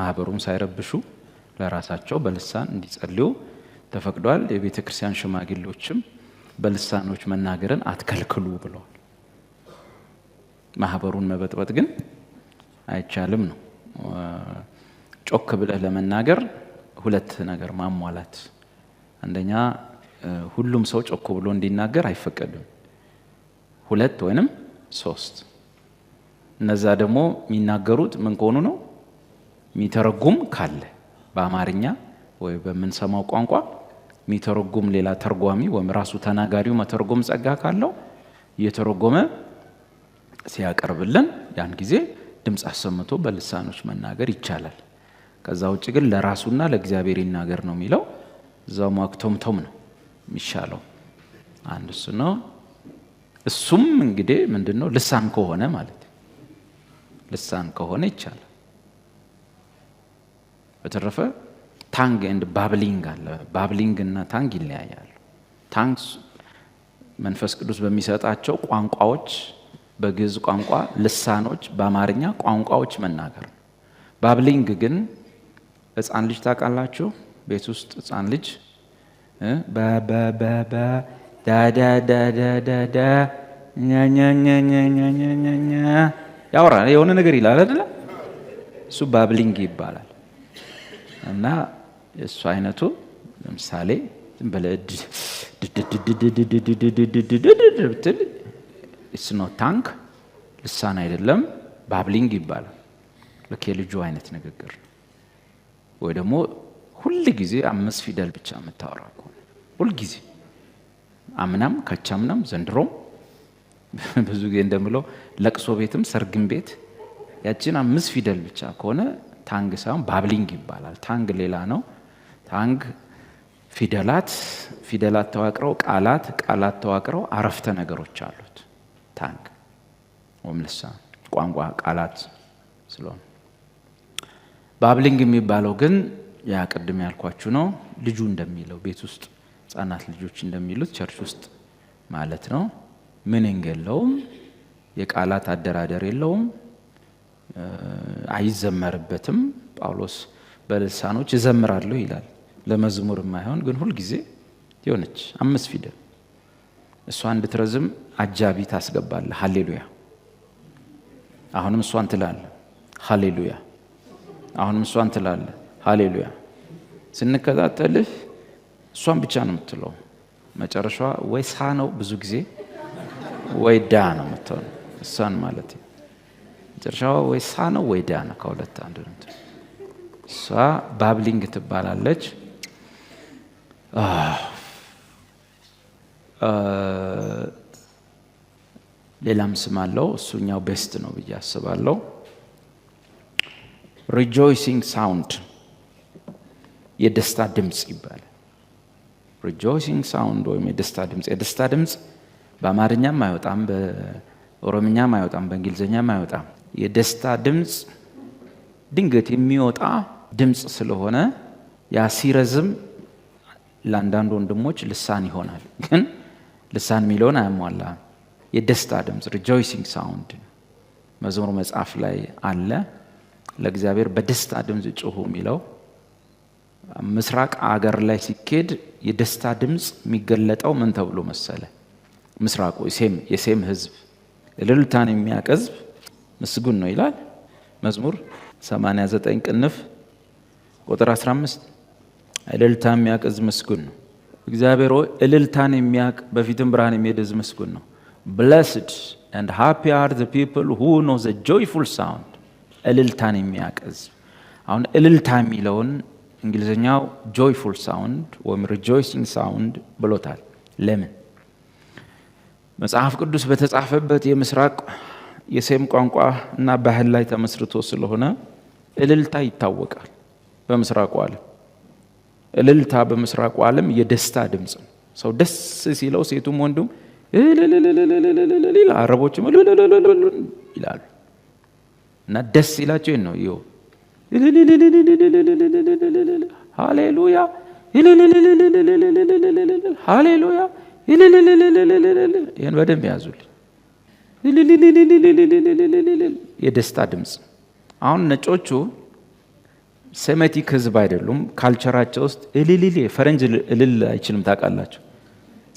ማህበሩም ሳይረብሹ ለራሳቸው በልሳን እንዲጸልዩ ተፈቅዷል። የቤተ ክርስቲያን ሽማግሌዎችም በልሳኖች መናገርን አትከልክሉ ብለዋል። ማህበሩን መበጥበጥ ግን አይቻልም ነው። ጮክ ብለህ ለመናገር ሁለት ነገር ማሟላት፣ አንደኛ ሁሉም ሰው ጮክ ብሎ እንዲናገር አይፈቀድም። ሁለት ወይንም ሶስት። እነዛ ደግሞ የሚናገሩት ምን ከሆኑ ነው የሚተረጉም ካለ በአማርኛ ወይ በምንሰማው ቋንቋ የሚተረጉም ሌላ ተርጓሚ ወይም ራሱ ተናጋሪው መተርጎም ጸጋ ካለው እየተረጎመ ሲያቀርብልን ያን ጊዜ ድምፅ አሰምቶ በልሳኖች መናገር ይቻላል። ከዛ ውጭ ግን ለራሱና ለእግዚአብሔር ይናገር ነው የሚለው እዛው ማክቶምቶም ነው የሚሻለው። አንድ እሱ ነው። እሱም እንግዲህ ምንድን ነው ልሳን ከሆነ ማለት ልሳን ከሆነ ይቻላል። በተረፈ ታንግ ኤንድ ባብሊንግ አለ። ባብሊንግ እና ታንግ ይለያያሉ። ታንግ መንፈስ ቅዱስ በሚሰጣቸው ቋንቋዎች፣ በግዝ ቋንቋ ልሳኖች፣ በአማርኛ ቋንቋዎች መናገር ነው። ባብሊንግ ግን ህፃን ልጅ ታውቃላችሁ፣ ቤት ውስጥ ህፃን ልጅ በበበበ የሆነ ነገር ይላል አይደለ? እሱ ባብሊንግ ይባላል። እና እሱ አይነቱ ለምሳሌ ዝም ስኖ ታንክ ልሳን አይደለም ባብሊንግ ይባላል። ልክ የልጁ አይነት ንግግር ወይ ደግሞ ሁል ጊዜ አምስት ፊደል ብቻ የምታወራ ከሆነ አምናም ዘንድሮም ብዙ ጊዜ እንደምለው ለቅሶ ቤትም ሰርግም ቤት ያችን ፊደል ብቻ ከሆነ ታንግ ሳይሆን ባብሊንግ ይባላል። ታንግ ሌላ ነው። ታንግ ፊደላት ፊደላት ተዋቅረው ቃላት ቃላት ተዋቅረው አረፍተ ነገሮች አሉት። ታንግ ወምልሳ ቋንቋ ቃላት ስለሆነ ባብሊንግ የሚባለው ግን ያ ቅድም ያልኳችሁ ነው። ልጁ እንደሚለው ቤት ውስጥ ህጻናት ልጆች እንደሚሉት ቸርች ውስጥ ማለት ነው። ምን የለውም፣ የቃላት አደራደር የለውም። አይዘመርበትም። ጳውሎስ በልሳኖች እዘምራለሁ ይላል። ለመዝሙር የማይሆን ግን ሁልጊዜ የሆነች አምስት ፊደል እሷ እንድትረዝም አጃቢ ታስገባለ ሀሌሉያ። አሁንም እሷን ትላለ ሀሌሉያ። አሁንም እሷን ትላለ ሀሌሉያ። ስንከታተልህ እሷን ብቻ ነው የምትለው። መጨረሻ ወይ ሳ ነው ብዙ ጊዜ ወይ ዳ ነው የምትሆነው። እሷን ማለት ነው። መጨረሻዋ ወይ ሳ ነው ወይ ዳ ነው፣ ከሁለት አንዱ ነው። እሷ ባብሊንግ ትባላለች። ሌላም ስም አለው። እሱኛው ቤስት ነው ብዬ አስባለሁ። ሪጆይሲንግ ሳውንድ የደስታ ድምፅ ይባላል። ሪጆይሲንግ ሳውንድ ወይም የደስታ ድምፅ። የደስታ ድምፅ በአማርኛም አይወጣም፣ በኦሮምኛም አይወጣም፣ በእንግሊዝኛም አይወጣም። የደስታ ድምፅ ድንገት የሚወጣ ድምፅ ስለሆነ ያ ሲረዝም ለአንዳንድ ወንድሞች ልሳን ይሆናል። ግን ልሳን የሚለውን አያሟላ። የደስታ ድምፅ ሪጆይሲንግ ሳውንድ መዝሙር መጽሐፍ ላይ አለ። ለእግዚአብሔር በደስታ ድምፅ ጩሁ የሚለው ምስራቅ አገር ላይ ሲኬድ የደስታ ድምፅ የሚገለጠው ምን ተብሎ መሰለ? ምስራቁ የሴም ህዝብ ልልታን የሚያቀዝብ ምስጉን ነው ይላል መዝሙር 89 ቅንፍ ቁጥር 15 እልልታ የሚያቅ ምስጉን ነው። እግዚአብሔር ሆይ እልልታን የሚያቅ በፊትም ብርሃን የሚሄድ ሕዝብ ምስጉን ነው። ብለስድ ንድ ሃፒ አር ዘ ፒፕል ሁ ኖ ዘ ጆይፉል ሳውንድ እልልታን የሚያቅ አሁን እልልታ የሚለውን እንግሊዝኛው ጆይፉል ሳውንድ ወይም ሪጆይሲንግ ሳውንድ ብሎታል። ለምን መጽሐፍ ቅዱስ በተጻፈበት የምስራቅ የሴም ቋንቋ እና ባህል ላይ ተመስርቶ ስለሆነ እልልታ ይታወቃል። በምስራቁ አለም እልልታ በምስራቁ አለም የደስታ ድምፅ ነው። ሰው ደስ ሲለው ሴቱም ወንዱም አረቦችም ይላሉ። እና ደስ ይላቸው ነው ይኸው ሃሌሉያ ሃሌሉያ ይህን በደንብ ያዙልኝ። የደስታ ድምፅ። አሁን ነጮቹ ሴሜቲክ ህዝብ አይደሉም። ካልቸራቸው ውስጥ እልልል ፈረንጅ እልል አይችልም። ታውቃላቸው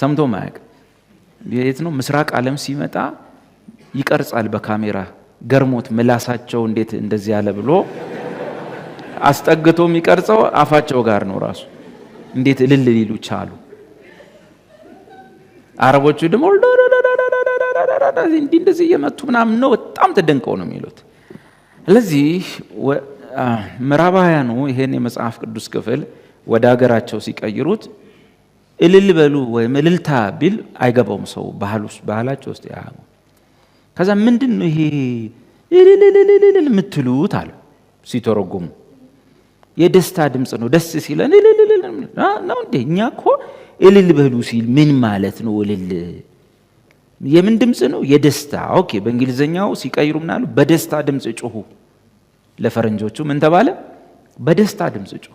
ሰምቶ ማያቅ የት ነው ምስራቅ ዓለም ሲመጣ ይቀርጻል በካሜራ ገርሞት ምላሳቸው እንዴት እንደዚህ ያለ ብሎ አስጠግቶ የሚቀርጸው አፋቸው ጋር ነው ራሱ እንዴት እልል ሊሉ ቻሉ። አረቦቹ ደግሞ እንዲህ እንደዚህ እየመቱ ምናምን ነው በጣም ተደንቀው ነው የሚሉት። ስለዚህ ምዕራባውያኑ ይሄን የመጽሐፍ ቅዱስ ክፍል ወደ ሀገራቸው ሲቀይሩት እልል በሉ ወይም እልልታ ቢል አይገባውም ሰው ባህላቸው ውስጥ ያ ከዛ ምንድን ነው ይሄ እልልልልልል የምትሉት አለ ሲተረጉሙ የደስታ ድምፅ ነው ደስ ሲለን እልልልል ነው እንዴ እኛ እኮ እልል በሉ ሲል ምን ማለት ነው እልል የምን ድምፅ ነው? የደስታ ኦኬ። በእንግሊዝኛው ሲቀይሩ ምናሉ በደስታ ድምፅ ጩሁ። ለፈረንጆቹ ምን ተባለ? በደስታ ድምፅ ጩሁ።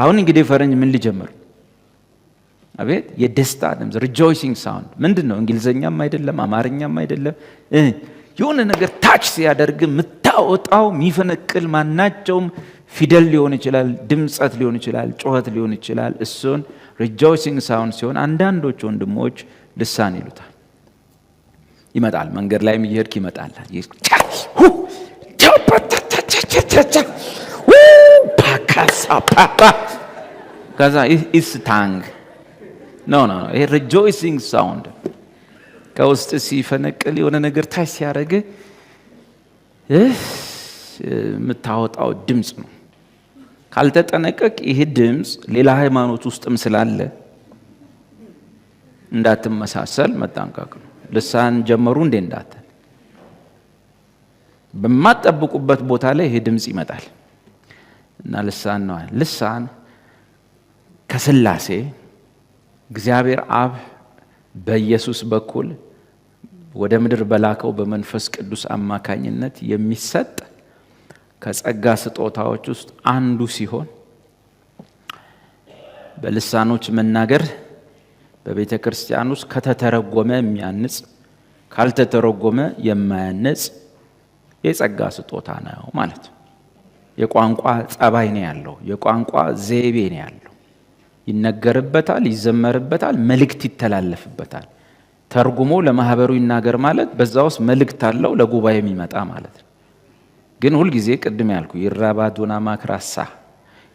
አሁን እንግዲህ ፈረንጅ ምን ሊጀምር አቤት የደስታ ድምፅ ሪጆይሲንግ ሳውንድ ምንድን ነው? እንግሊዝኛም አይደለም አማርኛም አይደለም። የሆነ ነገር ታች ሲያደርግ የምታወጣው የሚፈነቅል ማናቸውም ፊደል ሊሆን ይችላል፣ ድምፀት ሊሆን ይችላል፣ ጩኸት ሊሆን ይችላል። እሱን ሪጆይሲንግ ሳውንድ ሲሆን አንዳንዶች ወንድሞች ልሳን ይሉታል። ይመጣል። መንገድ ላይም እየሄድክ ይመጣል። ከዛ ኢስ ታንግ ኖ ኖ ይሄ ሪጆይሲንግ ሳውንድ ከውስጥ ሲፈነቅል የሆነ ነገር ታች ሲያደርግ የምታወጣው ድምፅ ነው። ካልተጠነቀቅ ይህ ድምፅ ሌላ ሃይማኖት ውስጥም ስላለ እንዳትመሳሰል መጠንቀቅ ነው። ልሳን ጀመሩ እንዴ እንዳትል በማጠብቁበት ቦታ ላይ ይሄ ድምፅ ይመጣል እና ልሳን ነው። ልሳን ከስላሴ እግዚአብሔር አብ በኢየሱስ በኩል ወደ ምድር በላከው በመንፈስ ቅዱስ አማካኝነት የሚሰጥ ከጸጋ ስጦታዎች ውስጥ አንዱ ሲሆን በልሳኖች መናገር በቤተ ክርስቲያን ውስጥ ከተተረጎመ የሚያንጽ ካልተተረጎመ የማያነጽ የጸጋ ስጦታ ነው ማለት የቋንቋ ጸባይ ነው ያለው፣ የቋንቋ ዘይቤ ነው ያለው። ይነገርበታል፣ ይዘመርበታል፣ መልእክት ይተላለፍበታል። ተርጉሞ ለማህበሩ ይናገር ማለት በዛ ውስጥ መልእክት አለው ለጉባኤ የሚመጣ ማለት ነው። ግን ሁልጊዜ ቅድም ያልኩ ይራባዱና ማክራሳ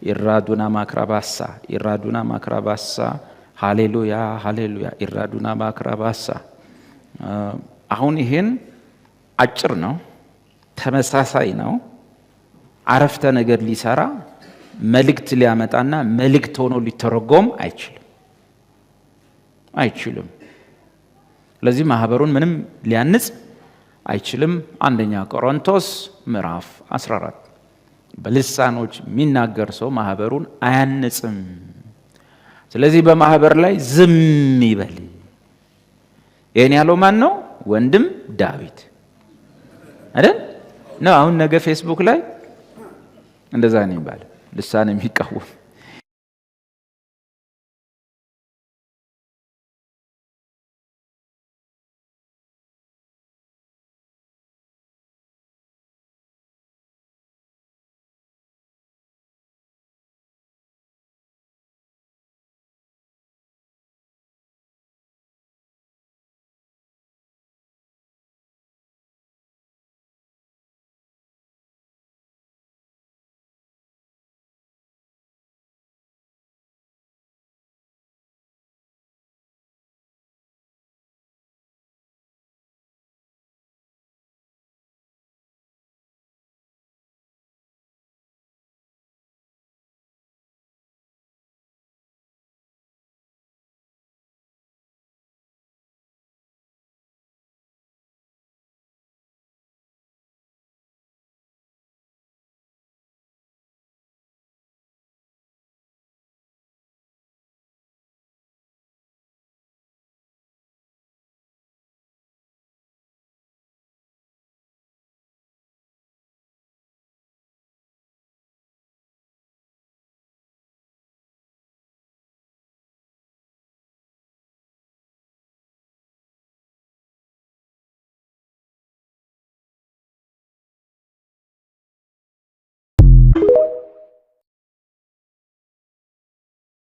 ይራዱና ማክራባሳ ይራዱና ማክራባሳ ሃሌሉያ ሃሌሉያ ኢራዱና ማክራባሳ አሁን ይሄን አጭር ነው፣ ተመሳሳይ ነው። አረፍተ ነገር ሊሰራ መልእክት ሊያመጣና መልእክት ሆኖ ሊተረጎም አይችልም አይችልም። ስለዚህ ማህበሩን ምንም ሊያንጽ አይችልም። አንደኛ ቆሮንቶስ ምዕራፍ 14 በልሳኖች የሚናገር ሰው ማህበሩን አያንጽም። ስለዚህ በማህበር ላይ ዝም ይበል። ይህን ያለው ማን ነው? ወንድም ዳዊት አይደል? ነው አሁን ነገ ፌስቡክ ላይ እንደዛ ነው ይባል ልሳን የሚቃወም